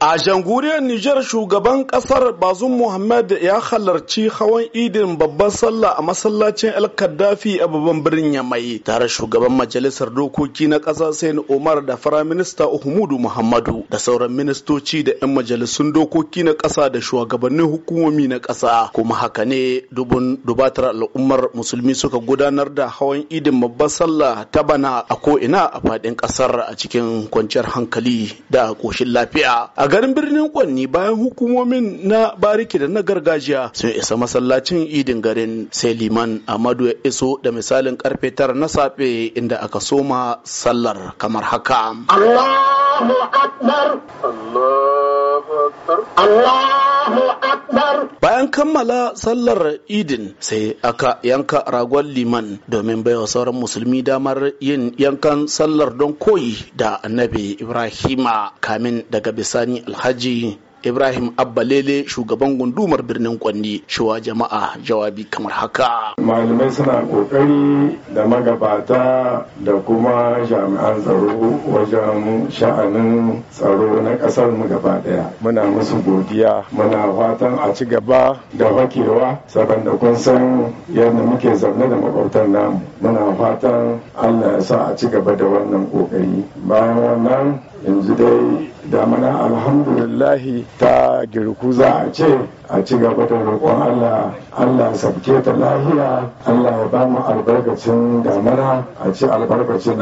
A jamhuriyar Nijar shugaban kasar Bazum Muhammad ya halarci hawan idin babban sallah a masallacin El Kaddafi a babban birnin Yamai tare shugaban majalisar dokoki na ƙasa Sain Omar da Firaminista Uhumudu Muhammadu da sauran ministoci da 'yan majalisun dokoki na ƙasa da shugabannin hukumomi na ƙasa kuma haka ne dubun dubatar al'ummar musulmi suka gudanar da hawan idin babban sallah ta bana a ina a faɗin ƙasar a cikin kwanciyar hankali da ƙoshin lafiya. garin birnin kwanni bayan hukumomin na bariki da na gargajiya sun isa masallacin idin garin seliman liman amadu ya iso da misalin karfe tara na safe inda aka soma sallar kamar haka Allahu akbar Allahu akbar Allahu akbar kammala sallar idin sai aka yanka ragon liman domin baiwa sauran musulmi damar yin yankan sallar don koyi da annabi Ibrahima kamin daga bisani alhaji Ibrahim Abba Lele shugaban gundumar birnin Kwanni cewa jama'a jawabi kamar haka. Malamai suna kokari da magabata da kuma jami'an tsaro wajen sha'anin tsaro na ƙasar mu gaba ɗaya. Muna musu godiya muna fatan a ci gaba da fakewa saboda kun san yadda muke zaune da makwabtar namu. Muna fatan Allah ya sa a ci gaba da wannan kokari. Bayan wannan yanzu dai damana alhamdulillah ta girku za a ce a ci gaba da roƙon Allah Allah sabke ta lahiya Allah ya ba mu albarkacin damana a ci albarkacin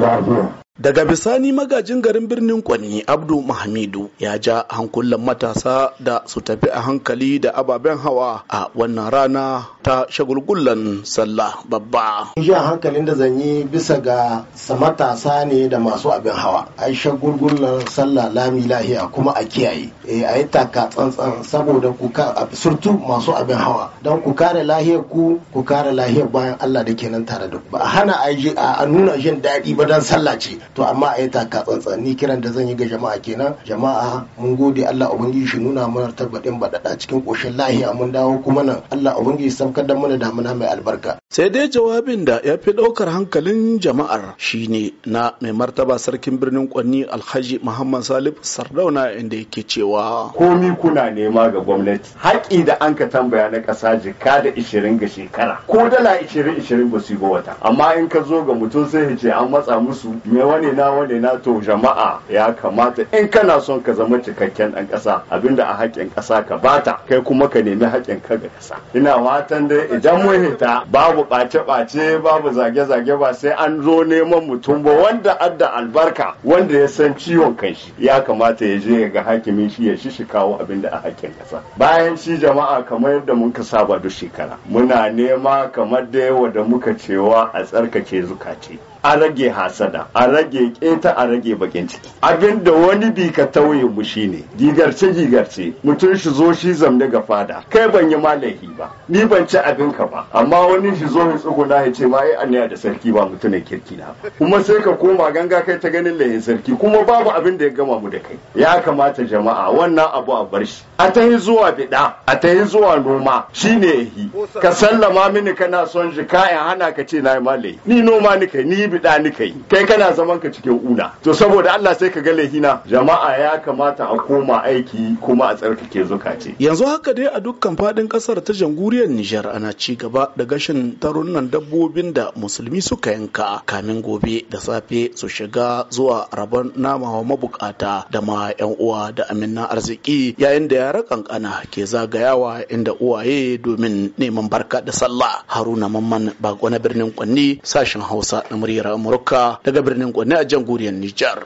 lahiya Daga bisani magajin garin birnin Kwanni Abdu Mahamidu ya ja hankulan matasa da su tafi a hankali da ababen hawa a wannan rana ta shagulgullan sallah babba. Jan hankalin da zan yi bisa ga matasa ne da masu abin hawa. Ai shagulgullan sallah lami lahiya kuma a kiyaye. E, a yi taka tsantsan saboda ku surtu masu abin hawa. Don ku kare lahiyar ku, ku kare lahiyar bayan Allah da kenan tare da ku. Ba a hana a nuna jin daɗi ba don sallah ce. to amma a yi taka tsantsan ni kiran da zan yi ga jama'a kenan jama'a mun gode Allah ubangiji shi nuna mana tabbatin badada cikin koshin lahiya mun dawo kuma nan Allah ubangiji sabkar da mana damuna mai albarka sai dai jawabin da ya fi ɗaukar hankalin jama'ar shine na mai martaba sarkin birnin kwanni alhaji muhammad salif sardauna inda yake cewa komi kuna nema ga gwamnati haƙƙi da an ka tambaya na ƙasa jika da ishirin ga shekara ko dala ishirin ishirin ba su yi wata amma in ka zo ga mutum sai ce an matsa musu me wane na wane na to jama'a ya kamata in kana son ka zama cikakken ɗan ƙasa abinda a haƙƙin ƙasa ka bata kai kuma ka nemi haƙƙin ka ga ƙasa ina watan da idan mun hita babu babu ɓace-ɓace babu zage-zage ba sai an zo neman mutum ba wanda adda albarka wanda ya san ciwon shi, ya kamata ya je ga hakimin shi ya shi kawo abin da a hakin kasa bayan shi jama'a kamar yadda mun ka saba duk shekara muna nema kamar da yawa da muka cewa a tsarkake zukace a rage hasada a rage keta a rage bakin ciki abin da wani bi ka tauye mu shine gigarce gigarce mutum shi zo shi zamne ga fada kai ban yi malahi ba ni ban ci abin ka ba amma wani shi zo ya tsuguna ya ce ma ai aniya da sarki ba mutumin kirki na ba kuma sai ka koma ganga kai ta ganin lahin sarki kuma babu abin da ya gama mu da kai ya kamata jama'a wannan abu a bar shi a ta yi zuwa bida a ta yi zuwa noma shine yahi ka sallama mini kana son jika in hana ka ce na yi malahi ni noma ni kai ni biɗa ni kai kai kana zaman ka cikin una to saboda Allah sai ka ga lahina, jama'a ya kamata a koma aiki kuma a tsarkake zukace yanzu haka dai a dukkan fadin ƙasar ta jamhuriyar Nijar ana ci gaba da gashin tarunan dabbobin da musulmi suka yanka kamin gobe da safe su shiga zuwa rabon nama wa mabukata da ma 'yan uwa da aminna arziki yayin da yara kankana ke zagayawa inda uwaye domin neman barka da sallah haruna mamman bako na birnin kwanni sashen hausa na murya amurka daga birnin kwanne a jamhuriyar nijar